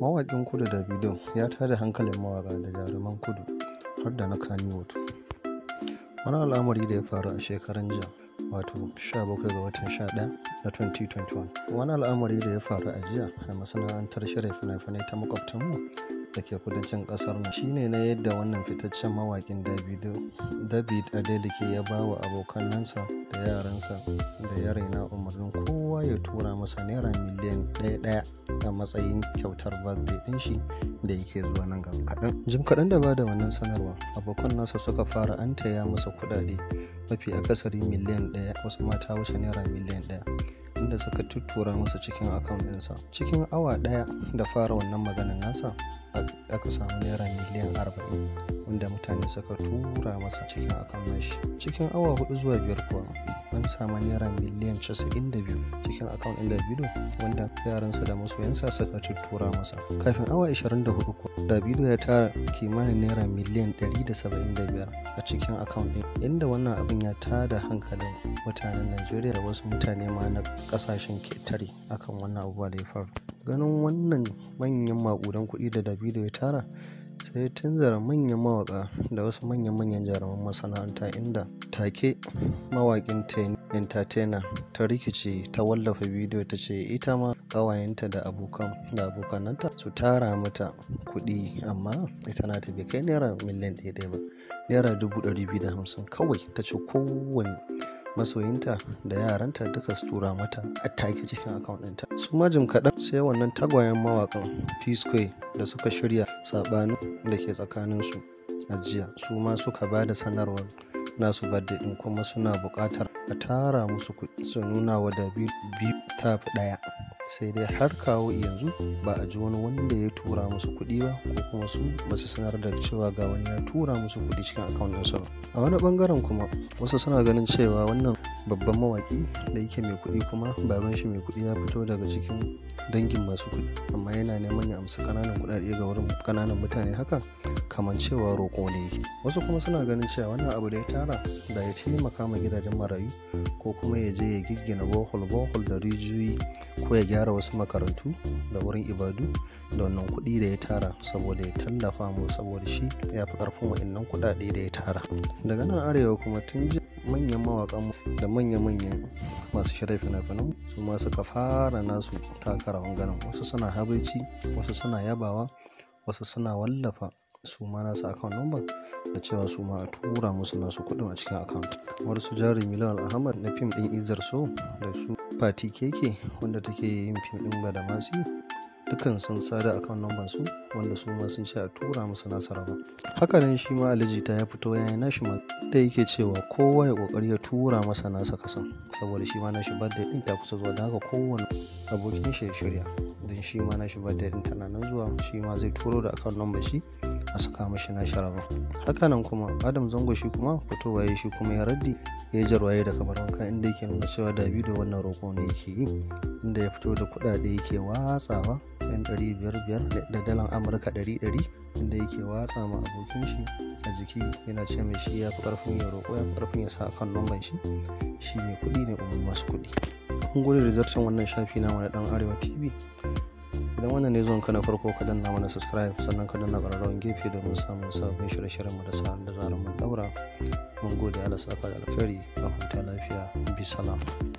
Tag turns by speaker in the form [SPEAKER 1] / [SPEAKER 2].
[SPEAKER 1] mawaƙin kudu da bidiyo ya tada hankalin mawaƙa da jaruman kudu har da na kani wato wani al'amari da ya faru a shekaran jiya wato 17 ga watan 11 na 2021 wani al'amari da ya faru a jiya a masana'antar shirya fina-finai ta makwabtanmu da kudancin kasar mu shine na yadda wannan fitaccen mawakin david adeleke ya ba wa abokannansa da yaransa da ya raina umarnin kowa ya tura masa naira miliyan daya ɗaya a matsayin kyautar birthday ɗin shi da yake zuwa nan gaba kaɗan jim kaɗan da ba da wannan sanarwa abokan nasa suka fara an taya masa kuɗaɗe mafi akasari miliyan ɗaya wasu mata wuce naira miliyan daya. wanda suka tuttura masa cikin akawun ɗinsa cikin awa ɗaya da fara wannan maganin nasa aka samu naira miliyan 40 wanda mutane suka tura masa cikin akawun mashi cikin awa hudu zuwa biyar kuwa an samu naira miliyan 92 cikin akawun Davido wanda yaransa da masoyansa suka tura masa. Kafin awa 24 Davido ya tara kimanin naira miliyan 175 a cikin akawun ɗin inda wannan abin ya tada hankalin mutanen Najeriya da wasu mutane ma na kasashen ketare akan wannan abubuwa da ya faru. Ganin wannan manyan maƙudan kuɗi da Davido ya tara sai ya tunzara manyan mawaƙa da wasu manya-manyan jaruman masana'anta inda take mawaƙin entertainer ta rikice ta wallafa bidiyo ta ce ita ma ƙawayenta da abokan da abokananta su tara mata kuɗi amma ita na tafi kai naira miliyan ɗaya ba naira dubu ɗari biyu da hamsin kawai ta ce kowane masoyinta da yaranta duka su tura mata a take cikin akawun ɗinta su ma jim kaɗan sai wannan tagwayen mawakan p da suka shirya saɓanin da ke tsakanin su a jiya su ma suka ba da sanarwar nasu birthday ɗin kuma suna buƙatar a tara musu kuɗi su nuna wa da biyu tafi ɗaya sai dai har kawo yanzu ba a ji wani wanda ya tura musu kuɗi ba ko kuma su basu sanar da cewa ga wani ya tura musu kuɗi cikin akaunin ba a wani bangaren kuma wasu suna ganin cewa wannan babban mawaki da yake mai kuɗi kuma baban shi mai kuɗi ya fito daga cikin dangin masu kuɗi amma yana neman ya amsa kananan kuɗaɗe ga wurin kananan mutane haka kamar cewa roƙo ne yake wasu kuma suna ganin cewa wannan abu da ya tara da ya taimaka ma gidajen marayu ko kuma ya je ya giggina bohol bohol da rijiyoyi ko ya gyara wasu makarantu da wurin ibadu da wannan kuɗi da ya tara saboda ya tallafa mu saboda shi ya fi ƙarfin wa'innan kuɗaɗe da ya tara daga nan arewa kuma tun manyan mawakan da manya-manyan masu shirya fina-finan su masu suka fara nasu takara ganin wasu suna habaici wasu suna yabawa wasu suna wallafa su ma nasu akawun number da cewa su ma a tura musu nasu kuɗin a cikin akawun kamar su jarumi lawal ahmad na fim ɗin izar so da su fati keke wanda take yin fim ɗin masu dukan sun sada akan lambar su wanda su ma sun ce a tura musu nasara ba haka nan shi ma alhaji ta ya fito ya yi nashi da yake cewa kowa ya kokari ya tura masa nasa kasan saboda shi ma nashi birthday din ta kusa zuwa don haka kowane abokin shi ya shirya don shi ma nashi birthday din tana nan zuwa shi ma zai turo da akan lambar shi a saka mashi nashi hakanan haka nan kuma adam zango shi kuma fitowa ya shi kuma ya raddi ya yi jarwaye da kamar wanka inda yake nuna cewa dabi da wannan roƙo ne yake yi inda ya fito da kuɗaɗe yake watsawa ɗari biyar biyar da dalan amurka ɗari ɗari inda yake watsa ma abokin shi a jiki yana ce mai shi ya fi ƙarfin ya roƙo ya fi ƙarfin ya sa kan numban shi shi mai kuɗi ne umar masu kuɗi an gode da wannan shafi na wani ɗan arewa tv idan wannan ne zuwan kana farko ka danna mana subscribe sannan ka danna ƙararrawan gefe domin samun sabon shirye-shiryen mu da sa'an da zarar mun daura mun gode ala safa da alkhairi a huta lafiya salama.